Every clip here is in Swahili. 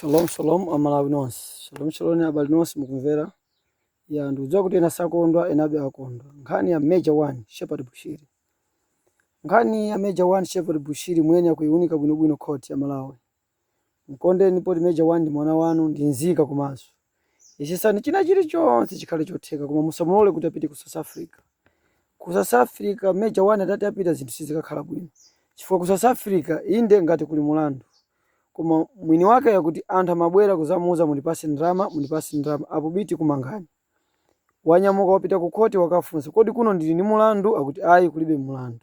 Shalom shalom amalawinos. Shalom shalom abali nonse mukumvera ya ndugu kuti tena sakondwa enabe akondwa nkhani ya Major One Shepherd Bushiri nkhani ya Major One Shepherd Bushiri mwene akuiunika bwinobwino court ya Malawi mkondeni poti Major One ndi mwana wanu ndi nzika komanso ichisani china chilichonse chikhale chotheka koma musamulole kuti apite ku South Africa ku South Africa Major One atati apita zinthu sizikakhala bwino chifukwa ku South Africa inde ngati kuli mulandu kuma mwini wake yakuti anthu amabwera kuzamuwuza mulipasi ndrama mulipasi ndrama apo biti kumangani wanyamuka wapita ku khoti wakafunsa kodi kuno ndili ni mulandu akuti ayi kulibe mulandu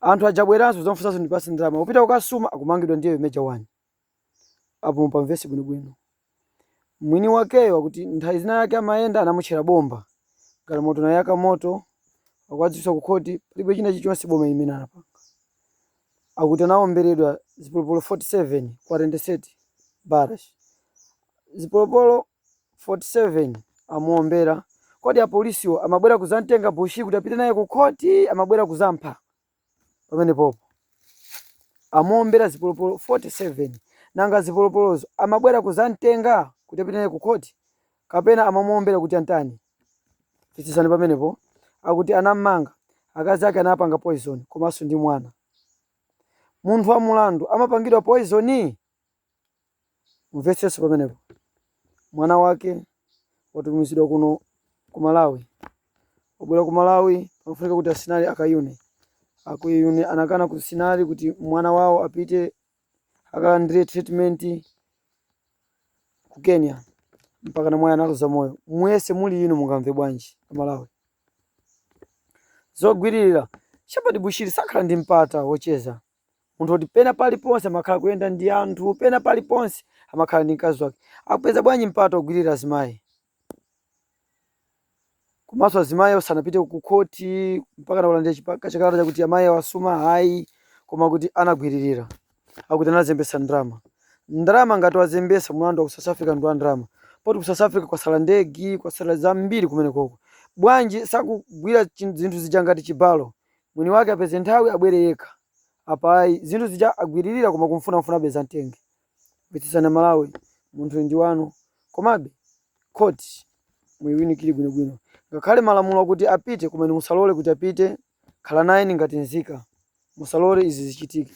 anthu ajabweranso zamfunsanso pasi ndrama upita ukasuma akumangidwa ndiye meja wani apo mupamvese bwinobwino mwini wakeyo akuti nthawi zina yake amayenda anamutchera bomba ngala moto nayaka moto akuadziswa ku khoti palibe china chichonse boma imenapa akuti anawomberedwa zipolopolo 47 kwa 47 baras zipolopolo 47 amuombera kodi apolisiwo amabwera kudzamtenga bushi kuti apite naye ku koti amabwera kuzampha pamenepopo amuombera zipolopolo 47 nanga zipolopolozo amabwera kudzamtenga kuti apite naye ku koti? kapena amamuombera kuti antani fitsisani pamenepo akuti anam'manga akazi ake anapanga poison komanso ndi mwana munthu wa mulandu amapangidwa poison? Mumvetse yesu pamenepo, mwana wake watumizidwa kuno ku Malawi, wabwera ku Malawi pakufunika kuti asinali akayune akuyune anakana ku sinali kuti mwana wawo apite akalandire treatment ku Kenya mpaka na namwayi analoza moyo. Mwese muli ino mungamve bwanji Malawi zogwirira Shepherd Bushiri sakhala ndi mpata wocheza munthu oti pena paliponse amakhala kuyenda ndi anthu pena paliponse amakhala ndi mkazi wake akupeza bwanyi mpata ogwirira azimayi komanso azimayi osanapite kukhoti mpaka nakulandira chakalato chakuti amayi awasuma hayi koma kuti anagwiririra akuti anazembesa ndrama ndrama ngati wazembesa mlandu wa ku South Africa ndi wa ndrama poti ku South Africa kwasala ndegi kwasala zambiri kumene koko bwanji sakugwira zinthu zija ngati chibalo mwini wake apeze nthawi abwere yekha apayi zinthu zichagwiririra koma kumfunafuna bezantenge mvetsetsani malawi munthu ndi wanu komabe khoti muyiwinikire bwinobwino ngakhale malamulo akuti apite koma inu musalole kuti apite khala naye nzika musalole izi zichitike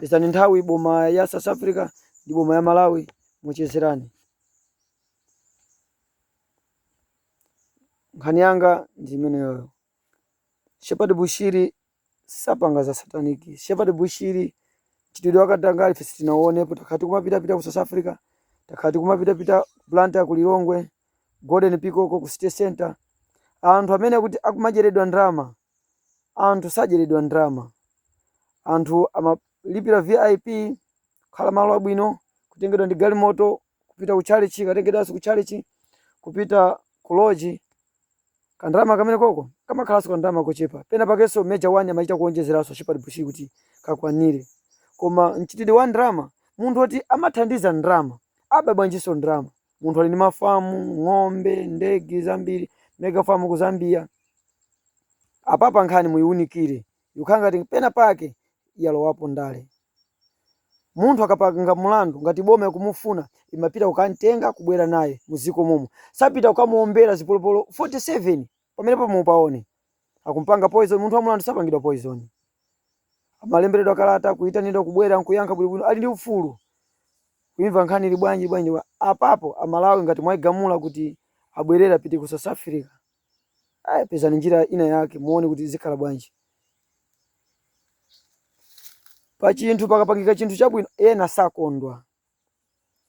pesani nthawi boma ya south africa ndi boma ya malawi muchezerani nkhani yanga ndi imeneyoyo shepard bushiri sapanga za sataniki shepard bushiri chitidwe wakatanga ifesi tinaonepo takhati pita ku south africa takhati kumapitapita planta ku lilongwe golden pikoko ku city center anthu amene kuti akumajeredwa ndrama anthu sajeredwa ndrama anthu amalipira vip khala malo abwino kutengedwa ndi galimoto kupita ku chalichi katengedwanso ku chalichi kupita ku Lodge kandama kamene koko kamakhalanso kandama kochepa pena pakenso meja wani amachita kuonjezeranso chipadipuchi kuti kakwanire koma mchitidi wa ndalama munthu woti amathandiza ndrama ababwanjinso ndrama munthu ali ni mafamu ng'ombe ndege zambiri megafamu ku Zambia apapa nkhani muyiunikire yukhangati pena pake yalowapo ndale munthu akapanga mulandu ngati boma yakumufuna imapita kukantenga kubwera naye muziko momo sapita kukamuombera zipolopolo 47 pamenepo mupaone akumpanga poison munthu wa mulandu sapangidwa poison amalemberedwa kalata kuyitanidwa kubwera nkuyankha bwinobwino ali ndi ufulu kuimva nkhani ili bwanji bwanji apapo amalawi ngati mwayigamula kuti abwerera piti ku south africa ayi pezani njira ina yake muone kuti zikhala bwanji pachinthu pakapangika chinthu chabwino ena sakondwa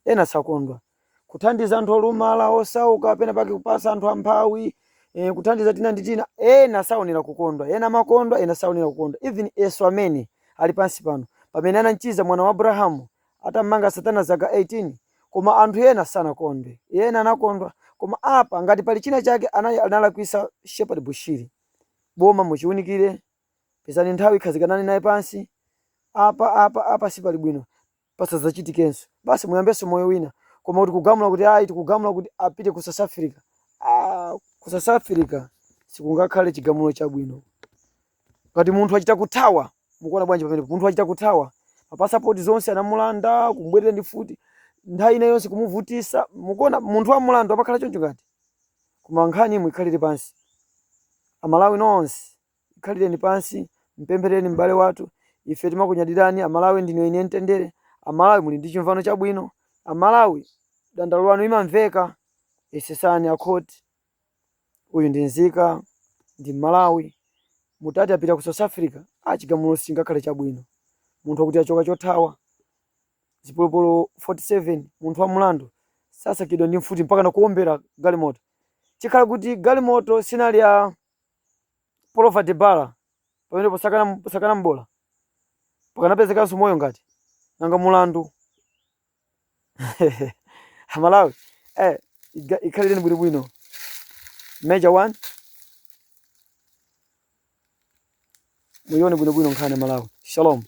ena sakondwa kuthandiza anthu olumala osauka pena pake kupasa anthu amphawi e, kuthandiza tina ndi tina ena saonera kukondwa ena makondwa ena saonera kukondwa even yesu amene ali pansi pano pamene anamchiza mwana wa abrahamu atammanga satana zaka 18 koma anthu ena sanakondwe ena anakondwa koma apa ngati pali china chake analakwisa shepherd bushiri boma muchiunikire pesani nthawi khazikanani naye pansi apa apa apa sipali bwino pasazachitikenso basi muyambenso moyo wina koma kuti kugamula kuti ayi tikugamula kuti apite ku South Africa ah ku South Africa sikungakhale chigamulo chabwino ngati munthu achita kuthawa mukuona bwanji pamene munthu achita kuthawa mapasapoti zonse anamulanda kumbwerera ndi futi nthawi ina yonse kumuvutisa mukuona munthu wamulanda amakhala choncho ngati koma nkhani imwe ikhalire pansi amalawi nonse ikhalireni pansi mpemphereni m'bale wathu ife timakunyadidani amalawi ndinu ine mtendere amalawi muli ndi chimvano chabwino amalawi dandalo lanu imamveka isesani akhoti uyu ndi nzika ndi malawi mutati apita ku south africa achigamulo singakhale chabwino munthu akuti achoka chothawa zipolopolo 47 munthu wa mlandu sasakidwa ndi mfuti mpaka na nakuombera galimoto chikhala kuti galimoto sinali ya polova de bala pamene posakana mbola pakanapezekanso moyo ngati nanga mulandu amalawi eh, ikhalireni bwinobwino major one muione bwinobwino nkhani malawi shalom